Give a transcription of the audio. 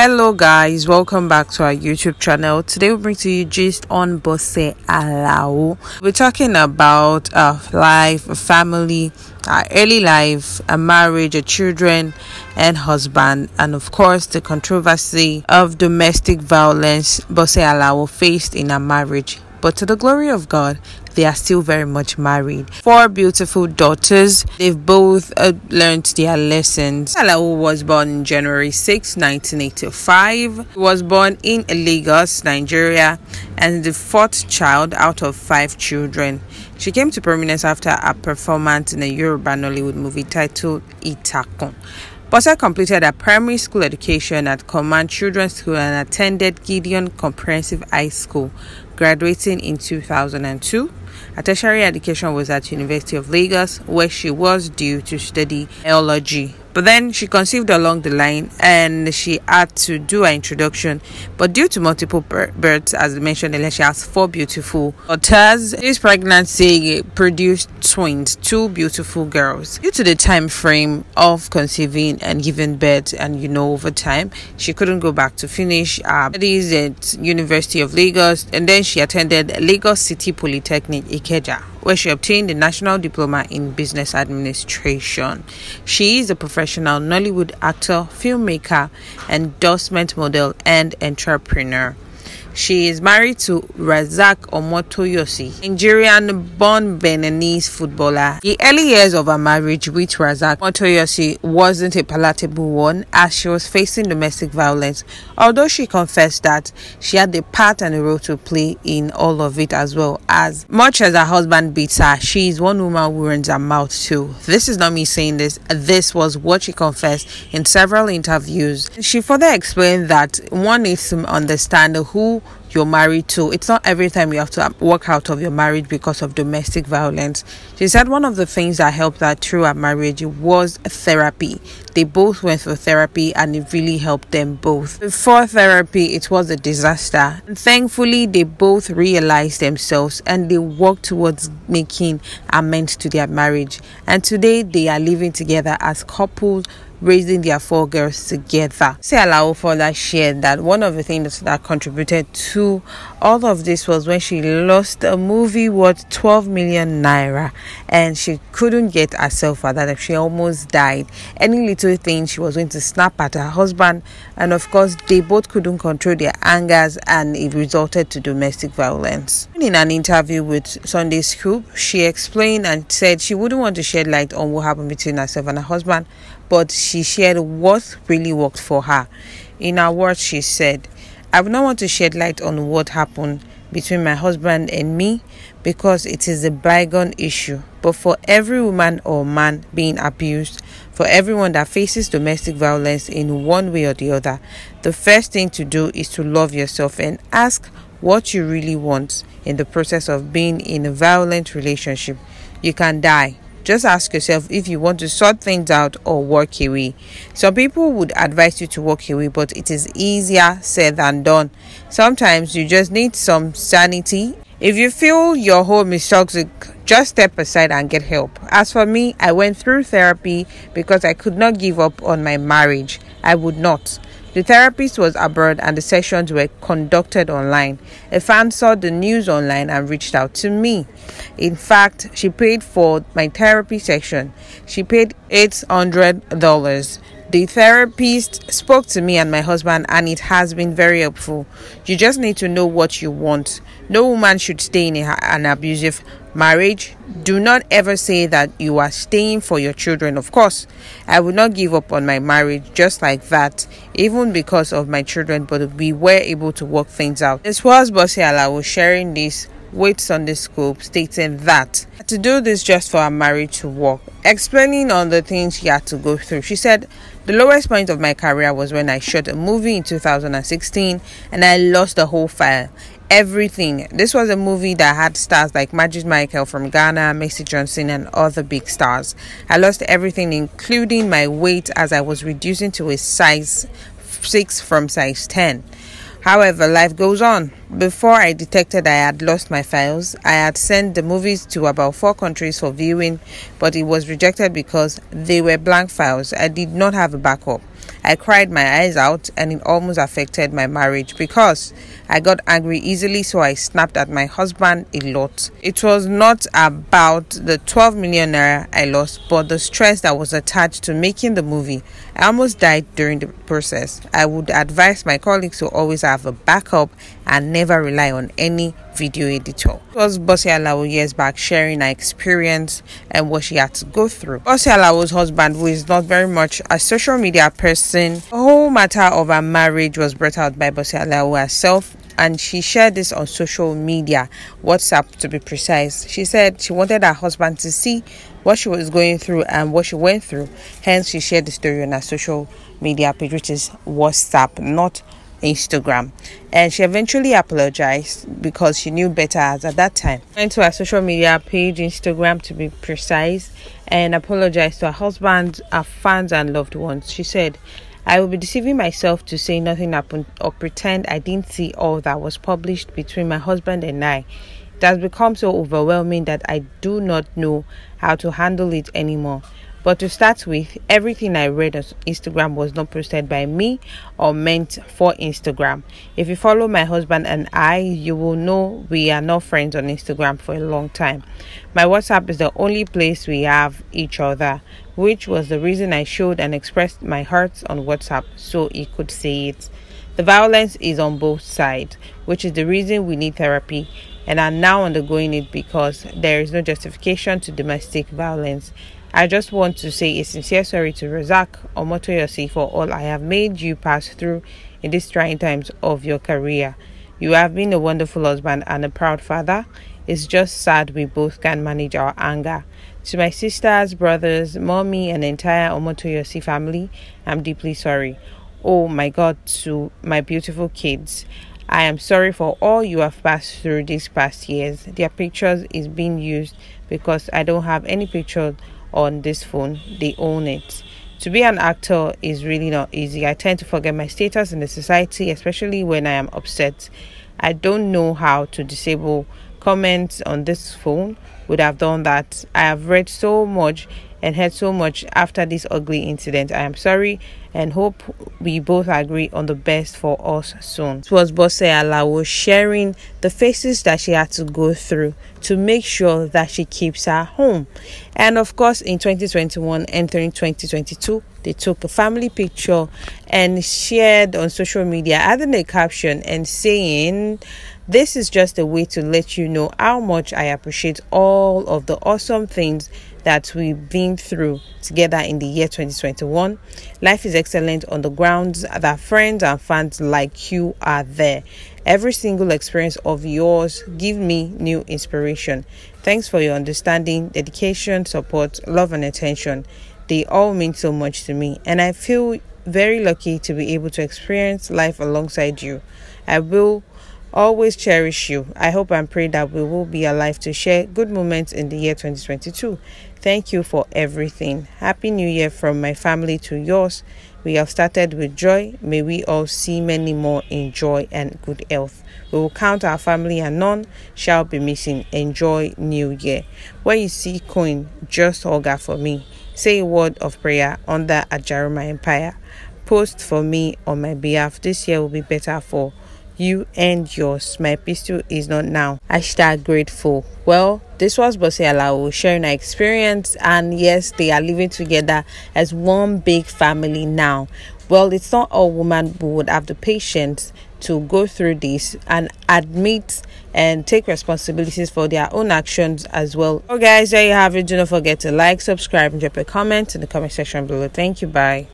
hello guys welcome back to our youtube channel today we bring to you gist on Bose Alao we're talking about our uh, life our family our uh, early life a marriage our children and husband and of course the controversy of domestic violence Bose Alao faced in a marriage but to the glory of God, they are still very much married. Four beautiful daughters. They've both uh, learned their lessons. Alao was born January 6, 1985. He was born in Lagos, Nigeria, and the fourth child out of five children. She came to prominence after a performance in a Yoruba Nollywood movie titled Itakon. Bosa completed her primary school education at Command Children's School and attended Gideon Comprehensive High School graduating in 2002. Her tertiary education was at University of Lagos, where she was due to study biology. But then she conceived along the line and she had to do an introduction. But due to multiple births, as mentioned earlier, she has four beautiful daughters. This pregnancy produced twins, two beautiful girls. Due to the time frame of conceiving and giving birth, and you know, over time, she couldn't go back to finish her studies at University of Lagos, and then she attended Lagos City Polytechnic, Ikeja where she obtained a national diploma in business administration. She is a professional Nollywood actor, filmmaker, endorsement model, and entrepreneur. She is married to Razak Omotoyosi, Nigerian-born Beninese footballer. The early years of her marriage with Razak Omotoyosi wasn't a palatable one as she was facing domestic violence, although she confessed that she had a part and a role to play in all of it as well as much as her husband beats her, she is one woman who runs her mouth too. This is not me saying this. This was what she confessed in several interviews. She further explained that one needs to understand who Sul, you're married to. It's not every time you have to uh, walk out of your marriage because of domestic violence. She said one of the things that helped her through her marriage was therapy. They both went for therapy and it really helped them both. Before therapy, it was a disaster. And thankfully, they both realized themselves and they worked towards making amends to their marriage. And today, they are living together as couples raising their four girls together. Say Alao Fola shared that one of the things that contributed to all of this was when she lost a movie worth 12 million naira and she couldn't get herself of that. She almost died. Any little thing she was going to snap at her husband, and of course, they both couldn't control their angers and it resulted to domestic violence. In an interview with Sunday Scoop, she explained and said she wouldn't want to shed light on what happened between herself and her husband, but she shared what really worked for her. In her words, she said, I would not want to shed light on what happened between my husband and me because it is a bygone issue. But for every woman or man being abused, for everyone that faces domestic violence in one way or the other, the first thing to do is to love yourself and ask what you really want in the process of being in a violent relationship. You can die. Just ask yourself if you want to sort things out or walk away. Some people would advise you to walk away, but it is easier said than done. Sometimes you just need some sanity. If you feel your home is toxic, just step aside and get help. As for me, I went through therapy because I could not give up on my marriage. I would not. The therapist was abroad and the sessions were conducted online. A fan saw the news online and reached out to me. In fact, she paid for my therapy session. She paid $800. The therapist spoke to me and my husband, and it has been very helpful. You just need to know what you want. No woman should stay in a, an abusive marriage. Do not ever say that you are staying for your children. Of course, I would not give up on my marriage just like that, even because of my children, but we were able to work things out. This was Bossy was sharing this waits on the scope, stating that to do this just for our marriage to work, explaining on the things she had to go through. She said, The lowest point of my career was when I shot a movie in 2016 and I lost the whole file. Everything. This was a movie that had stars like Magic Michael from Ghana, Macy Johnson, and other big stars. I lost everything, including my weight, as I was reducing to a size 6 from size 10. However, life goes on. Before I detected I had lost my files, I had sent the movies to about four countries for viewing, but it was rejected because they were blank files. I did not have a backup. I cried my eyes out and it almost affected my marriage because I got angry easily, so I snapped at my husband a lot. It was not about the 12 million naira I lost, but the stress that was attached to making the movie. I almost died during the process. I would advise my colleagues to always have a backup and never rely on any video editor. It was Bossy years back sharing her experience and what she had to go through. Bossy Alawo's husband, who is not very much a social media person, the whole matter of her marriage was brought out by Bossy Alawo herself and she shared this on social media, WhatsApp to be precise. She said she wanted her husband to see what she was going through and what she went through. Hence, she shared the story on her social media page, which is WhatsApp, not Instagram. And she eventually apologized because she knew better as at that time. Went to her social media page, Instagram to be precise, and apologized to her husband, her fans, and loved ones. She said, I will be deceiving myself to say nothing happened or pretend I didn't see all that was published between my husband and I. It has become so overwhelming that I do not know how to handle it anymore. But to start with, everything I read on Instagram was not posted by me or meant for Instagram. If you follow my husband and I, you will know we are not friends on Instagram for a long time. My WhatsApp is the only place we have each other, which was the reason I showed and expressed my heart on WhatsApp so he could see it. The violence is on both sides, which is the reason we need therapy and are now undergoing it because there is no justification to domestic violence I just want to say a sincere sorry to Razak Omotoyosi for all I have made you pass through in these trying times of your career. You have been a wonderful husband and a proud father. It's just sad we both can't manage our anger. To my sisters, brothers, mommy, and entire Omotoyosi family, I'm deeply sorry. Oh my God, to my beautiful kids. I am sorry for all you have passed through these past years. Their pictures is being used because I don't have any pictures on this phone, they own it. To be an actor is really not easy. I tend to forget my status in the society, especially when I am upset. I don't know how to disable comments on this phone, would have done that. I have read so much and heard so much after this ugly incident. I am sorry and hope we both agree on the best for us soon. It was Bosse Alawo sharing the faces that she had to go through to make sure that she keeps her home. And of course, in 2021 entering 2022, they took a family picture and shared on social media, adding a caption and saying, This is just a way to let you know how much I appreciate all of the awesome things that we've been through together in the year 2021. Life is excellent on the grounds that friends and fans like you are there. Every single experience of yours give me new inspiration. Thanks for your understanding, dedication, support, love and attention. They all mean so much to me and I feel very lucky to be able to experience life alongside you. I will always cherish you. I hope and pray that we will be alive to share good moments in the year 2022. Thank you for everything. Happy New Year from my family to yours. We have started with joy. May we all see many more in joy and good health. We will count our family and none shall be missing. Enjoy New Year. When you see coin, just hug her for me. Say a word of prayer under Jeremiah Empire. Post for me on my behalf. This year will be better for you and yours. My pistol is not now. Hashtag grateful. Well, this was Bosse Alao sharing her experience, and yes, they are living together as one big family now. Well, it's not all women who would have the patience to go through this and admit and take responsibilities for their own actions as well. Oh, guys, there you have it. Do not forget to like, subscribe, and drop a comment in the comment section below. Thank you. Bye.